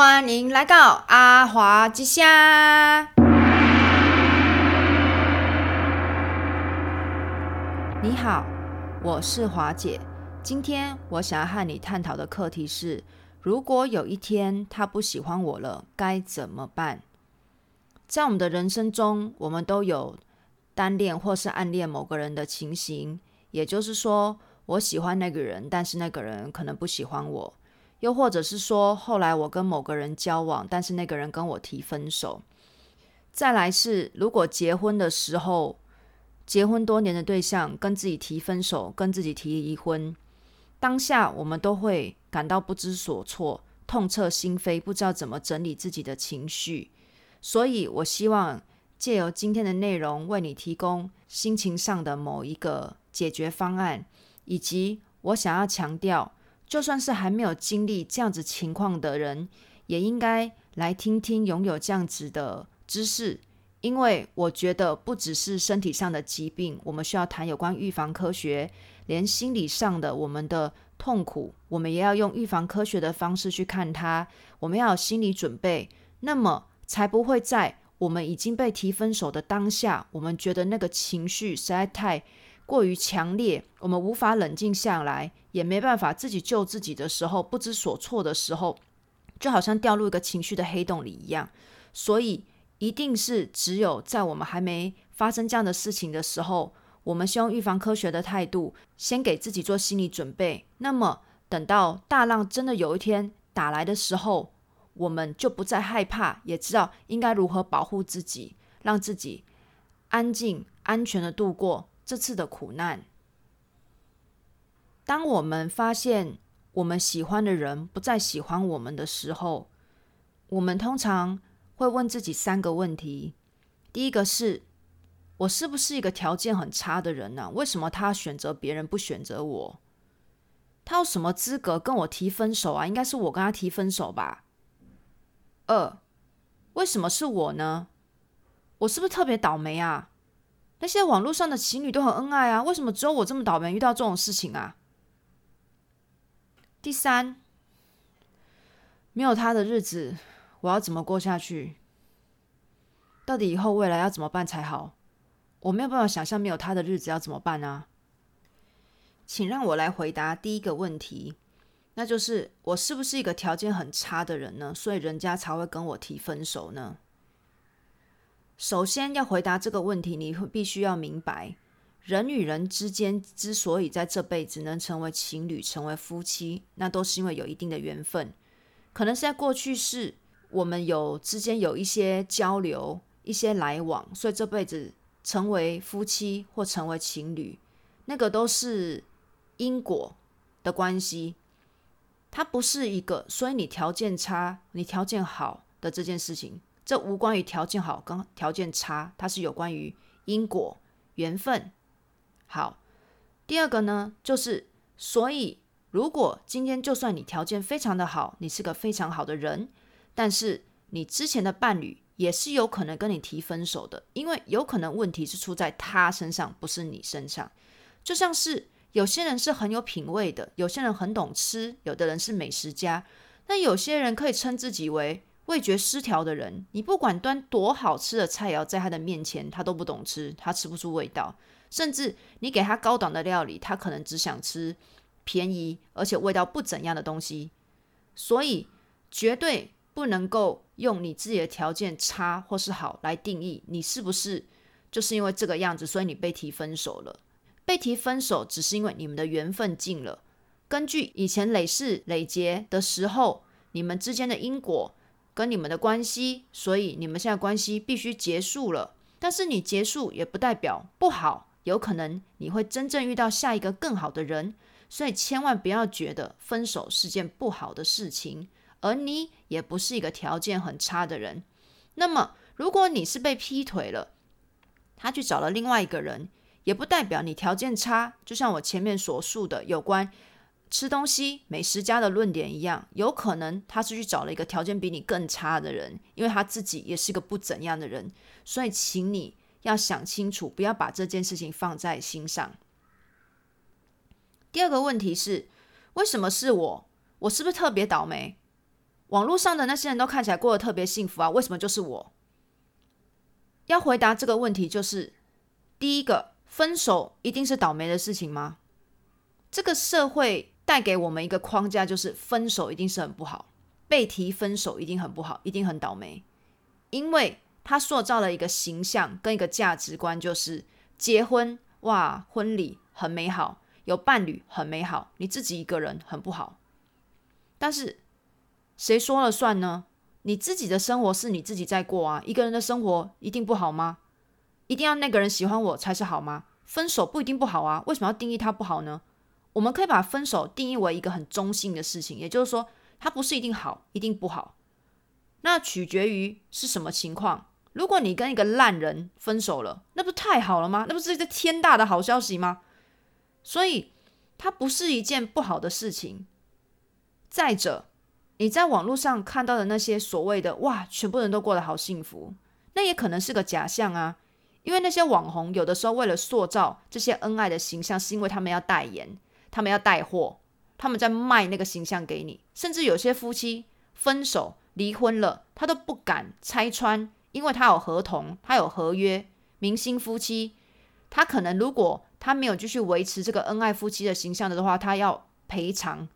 歡迎來到阿華之夏！你好，我是華姐。今天我想要和你探討的課題是：如果有一天他不喜歡我了，該怎麼辦？在我們的人生中，我們都有單戀或是暗戀某個人的情形，也就是說，我喜歡那個人，但是那個人可能不喜歡我。又或者是說，後來我跟某個人交往，但是那個人跟我提分手。再來是，如果結婚的時候，結婚多年的對象跟自己提分手，跟自己提離婚，當下我們都會感到不知所措，痛徹心扉，不知道怎麼整理自己的情緒。所以我希望借由今天的內容，為你提供心情上的某一個解決方案，以及我想要強調。就算是還沒有經歷這樣子情況的人，也應該來聽聽擁有這樣子的知識，因為我覺得不只是身體上的疾病，我們需要談有關預防科學，連心理上的我們的痛苦，我們也要用預防科學的方式去看它，我們要有心理準備，那麼才不會在我們已經被提分手的當下，我們覺得那個情緒實在太……過於強烈，我們無法冷靜下來，也沒辦法自己救自己的時候，不知所措的時候，就好像掉入一個情緒的黑洞裡一樣。所以，一定是只有在我們還沒發生這樣的事情的時候，我們先用預防科學的態度，先給自己做心理準備。那麼，等到大浪真的有一天打來的時候，我們就不再害怕，也知道應該如何保護自己，讓自己安靜、安全的度過。這次的苦難，當我們發現我們喜歡的人不再喜歡我們的時候，我們通常會問自己三個問題：第一個是，我是不是一個條件很差的人呢、啊？為什麼他選擇別人不選擇我？他有什麼資格跟我提分手啊？應該是我跟他提分手吧？二，為什麼是我呢？我是不是特別倒霉啊？那些網絡上的情侶都很恩愛啊，為什麼只有我這麼倒霉遇到這種事情啊？第三，沒有他的日子，我要怎麼過下去？到底以後未來要怎麼辦才好？我沒有辦法想象沒有他的日子要怎麼辦啊。請讓我來回答第一個問題，那就是我是不是一個條件很差的人呢？所以人家才會跟我提分手呢？首先要回答這個問題，你會必須要明白，人與人之間之所以在這輩子能成為情侶、成為夫妻，那都是因為有一定的緣分。可能是在過去世，我們有之間有一些交流、一些來往，所以這輩子成為夫妻或成為情侶，那個都是因果的關係。它不是一個，所以你條件差，你條件好的這件事情。這無關於條件好跟條件差，它是有關於因果緣分。好，第二個呢，就是所以如果今天就算你條件非常的好，你是個非常好的人，但是你之前的伴侶也是有可能跟你提分手的，因為有可能問題是出在他身上，不是你身上。就像是有些人是很有品味的，有些人很懂吃，有的人是美食家，那有些人可以稱自己為。味覺失調的人，你不管端多好吃的菜餚在他的面前，他都不懂吃，他吃不出味道。甚至你給他高檔的料理，他可能只想吃便宜而且味道不怎樣的東西。所以絕對不能夠用你自己的條件差或是好來定義你是不是就是因為這個樣子，所以你被提分手了。被提分手只是因為你們的緣分盡了。根據以前累世累劫的時候，你們之間的因果。跟你們的關係，所以你們現在關係必須結束了。但是你結束也不代表不好，有可能你會真正遇到下一個更好的人。所以千萬不要覺得分手是件不好的事情，而你也不是一個條件很差的人。那麼，如果你是被劈腿了，他去找了另外一個人，也不代表你條件差。就像我前面所述的有關。吃東西，美食家的論點一樣，有可能他是去找了一個條件比你更差的人，因為他自己也是個不怎樣的人，所以請你要想清楚，不要把這件事情放在心上。第二個問題是，為什麼是我？我是不是特別倒霉？網絡上的那些人都看起來過得特別幸福啊，為什麼就是我？要回答這個問題，就是第一個，分手一定是倒霉的事情嗎？這個社會。帶給我們一個框架，就是分手一定是很不好，被提分手一定很不好，一定很倒霉，因為他塑造了一個形象跟一個價值觀，就是結婚哇，婚禮很美好，有伴侶很美好，你自己一個人很不好。但是誰說了算呢？你自己的生活是你自己在過啊，一個人的生活一定不好嗎？一定要那個人喜歡我才是好嗎？分手不一定不好啊，為什麼要定義他不好呢？我們可以把分手定義為一個很中性的事情，也就是說，它不是一定好，一定不好。那取決於是什麼情況。如果你跟一個爛人分手了，那不是太好了嗎？那不是一個天大的好消息嗎？所以，它不是一件不好的事情。再者，你在網絡上看到的那些所謂的“哇，全部人都過得好幸福”，那也可能是個假象啊。因為那些網紅有的時候為了塑造這些恩愛的形象，是因為他們要代言。他們要帶貨，他們在賣那個形象給你。甚至有些夫妻分手離婚了，他都不敢拆穿，因為他有合同，他有合約。明星夫妻，他可能如果他沒有繼續維持這個恩愛夫妻的形象的話，他要賠償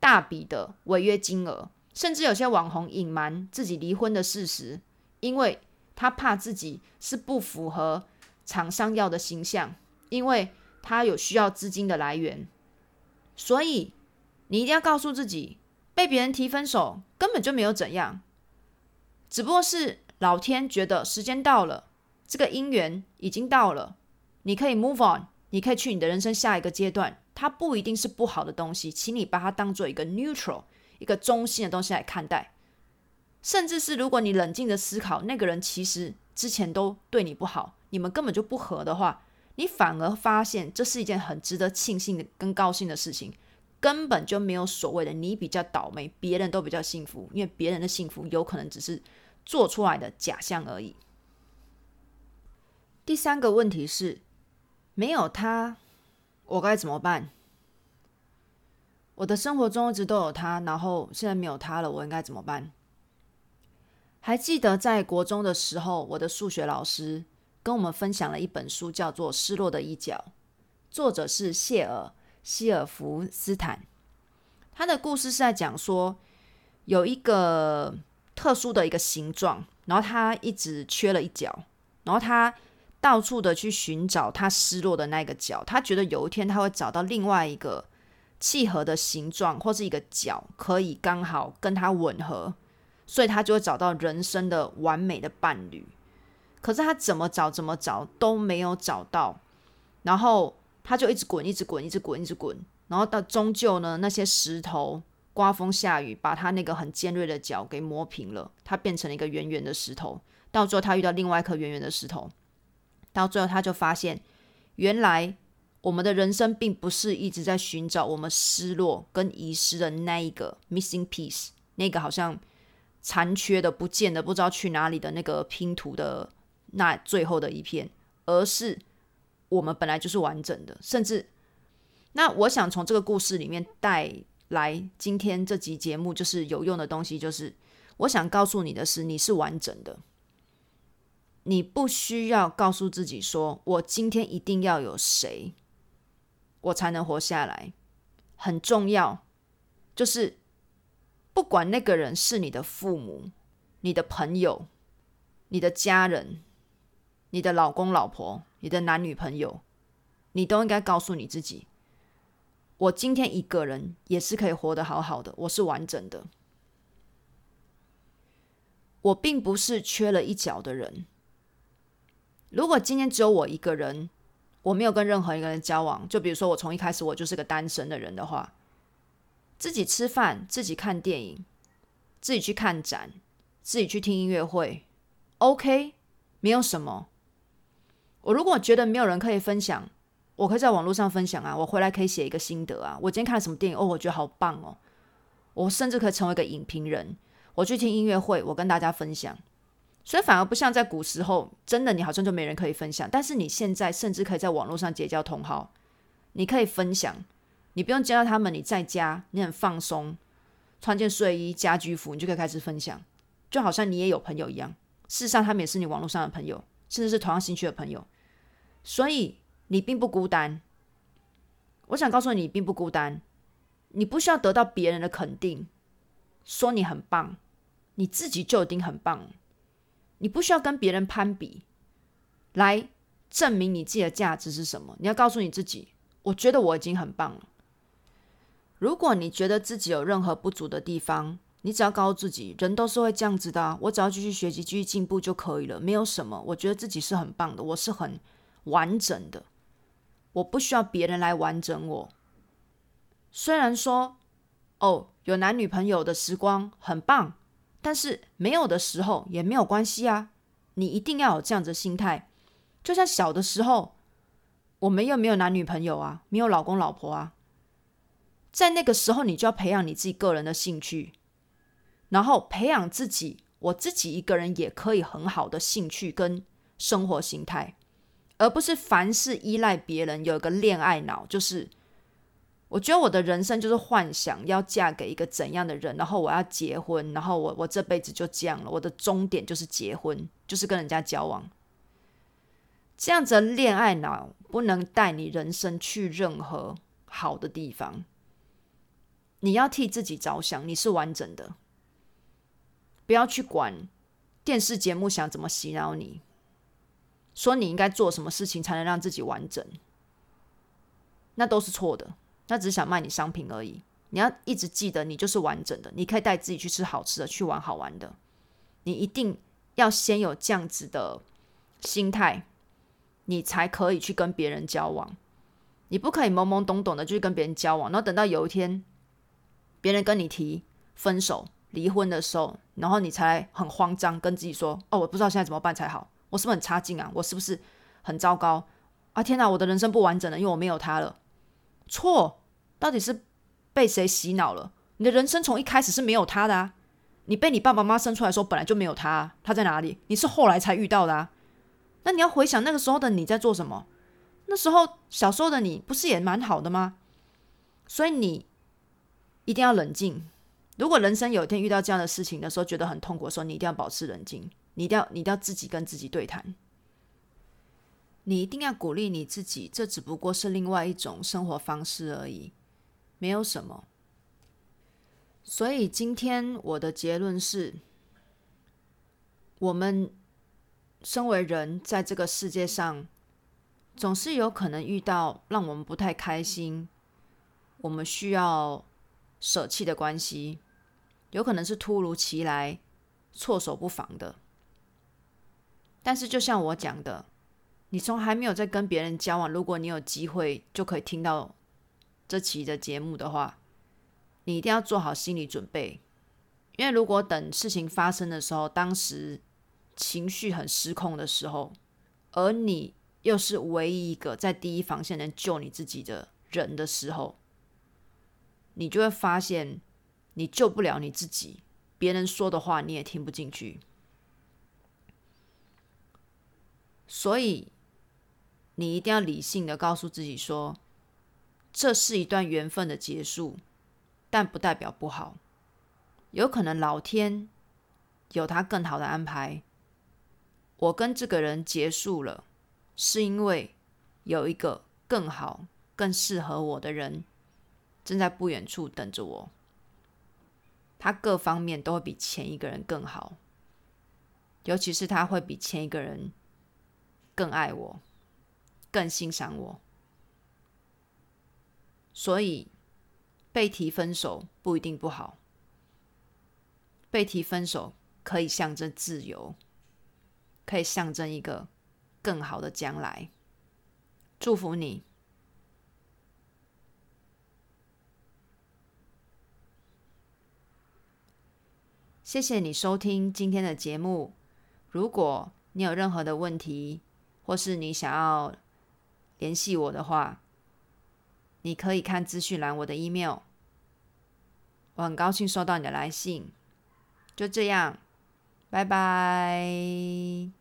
大筆的違約金額。甚至有些網紅隱瞞自己離婚的事實，因為他怕自己是不符合廠商要的形象，因為他有需要資金的來源。所以，你一定要告訴自己，被別人提分手根本就沒有怎樣，只不過是老天覺得時間到了，這個姻緣已經到了，你可以 move on，你可以去你的人生下一個階段。它不一定是不好的東西，請你把它當做一個 neutral，一個中性的東西來看待。甚至是如果你冷靜的思考，那個人其實之前都對你不好，你們根本就不合的話。你反而發現，這是一件很值得慶幸跟高興的事情。根本就沒有所謂的你比較倒霉，別人都比較幸福，因為別人的幸福有可能只是做出來的假象而已。第三個問題是，沒有他，我該怎麼辦？我的生活中一直都有他，然後現在沒有他了，我應該怎麼辦？還記得在國中的時候，我的數學老師，跟我們分享了一本書，叫做《失落的一角》，作者是謝爾·希爾弗斯坦。他的故事是在講說，有一個特殊的一個形狀，然後他一直缺了一角，然後他到處的去尋找他失落的那個角。他覺得有一天他會找到另外一個契合的形狀或是一個角，可以剛好跟他吻合，所以他就會找到人生的完美的伴侶。可是他怎麼找怎麼找都沒有找到，然後他就一直滾，一直滾，一直滾，一直滾，然後到終究呢，那些石頭刮風下雨，把他那個很尖銳的角給磨平了，他變成了一個圓圓的石頭。到最後，他遇到另外一顆圓圓的石頭，到最後他就發現，原來我們的人生並不是一直在尋找我們失落跟遺失的那一個 missing piece，那個好像殘缺的、不見的、不知道去哪裡的那個拼圖的。那最後的一片，而是我們本來就是完整的。甚至，那我想從這個故事裡面帶來今天這集節目就是有用的東西，就是我想告訴你的是，你是完整的，你不需要告訴自己說，我今天一定要有誰，我才能活下來。很重要，就是不管那個人是你的父母、你的朋友、你的家人。你的老公、老婆、你的男女朋友，你都應該告訴你自己，我今天一個人也是可以活得好好的，我是完整的，我並不是缺了一角的人。如果今天只有我一個人，我沒有跟任何一個人交往，就比如說我從一開始我就是個單身的人的話，自己吃飯，自己看電影，自己去看展，自己去聽音樂會，OK，沒有什麼。我如果覺得沒有人可以分享，我可以在網絡上分享啊。我回來可以寫一個心得啊。我今天看了什麼電影哦，我覺得好棒哦。我甚至可以成為一個影評人。我去聽音樂會，我跟大家分享。所以反而不像在古時候，真的你好像就沒人可以分享。但是你現在甚至可以在網絡上結交同好，你可以分享，你不用見到他們，你在家你很放鬆，穿件睡衣家居服，你就可以開始分享，就好像你也有朋友一樣。事實上，他們也是你網絡上的朋友。甚至是同樣興趣的朋友，所以你並不孤單。我想告訴你，你並不孤單，你不需要得到別人的肯定，說你很棒，你自己就已經很棒。你不需要跟別人攀比，來證明你自己的價值是什麼。你要告訴你自己，我覺得我已經很棒了。如果你覺得自己有任何不足的地方，你只要告訴自己，人都是會這樣子的啊。我只要繼續學習，繼續進步就可以了，沒有什麼。我覺得自己是很棒的，我是很完整的，我不需要別人來完整我。雖然說哦，有男女朋友的時光很棒，但是沒有的時候也沒有關係啊。你一定要有這樣子的心態。就像小的時候，我們又沒有男女朋友啊，沒有老公老婆啊，在那個時候，你就要培養你自己個人的興趣。然後培養自己，我自己一個人也可以很好的興趣跟生活形態，而不是凡事依賴別人。有一個戀愛腦，就是我覺得我的人生就是幻想要嫁給一個怎樣的人，然後我要結婚，然後我我這輩子就這樣了。我的終點就是結婚，就是跟人家交往。這樣子的戀愛腦不能帶你人生去任何好的地方。你要替自己着想，你是完整的。不要去管電視節目想怎麼洗腦你，說你應該做什麼事情才能讓自己完整，那都是錯的，那只是想賣你商品而已。你要一直記得你就是完整的，你可以帶自己去吃好吃的，去玩好玩的。你一定要先有這樣子的心態，你才可以去跟別人交往。你不可以懵懵懂懂的就去跟別人交往，然後等到有一天，別人跟你提分手。離婚的時候，然後你才很慌張，跟自己說：“哦，我不知道現在怎麼辦才好，我是不是很差勁啊？我是不是很糟糕啊？天哪，我的人生不完整了，因為我沒有他了。”錯，到底是被誰洗腦了？你的人生從一開始是沒有他的啊！你被你爸爸媽媽生出來的時候，本來就沒有他啊，他在哪裡？你是後來才遇到的啊！那你要回想那個時候的你在做什麼？那時候小時候的你不是也蠻好的嗎？所以你一定要冷靜。如果人生有一天遇到這樣的事情的時候，覺得很痛苦的時候，說你一定要保持冷靜，你一定要、你一定要自己跟自己對談，你一定要鼓勵你自己，這只不過是另外一種生活方式而已，沒有什麼。所以今天我的結論是，我們身為人，在這個世界上，總是有可能遇到讓我們不太開心、我們需要捨棄的關係。有可能是突如其來、措手不及的。但是，就像我講的，你從還沒有在跟別人交往，如果你有機會就可以聽到這期的節目的話，你一定要做好心理準備，因為如果等事情發生的時候，當時情緒很失控的時候，而你又是唯一一個在第一防線能救你自己的人的時候，你就會發現。你救不了你自己，別人說的話你也聽不進去，所以你一定要理性的告訴自己說，這是一段緣分的結束，但不代表不好，有可能老天有他更好的安排。我跟這個人結束了，是因為有一個更好、更適合我的人正在不遠處等着我。他各方面都會比前一個人更好，尤其是他會比前一個人更愛我，更欣賞我。所以被提分手不一定不好，被提分手可以象徵自由，可以象徵一個更好的將來。祝福你。謝謝你收聽今天的節目。如果你有任何的問題，或是你想要聯繫我的話，你可以看資訊欄我的 email。我很高興收到你的來信。就這樣，拜拜。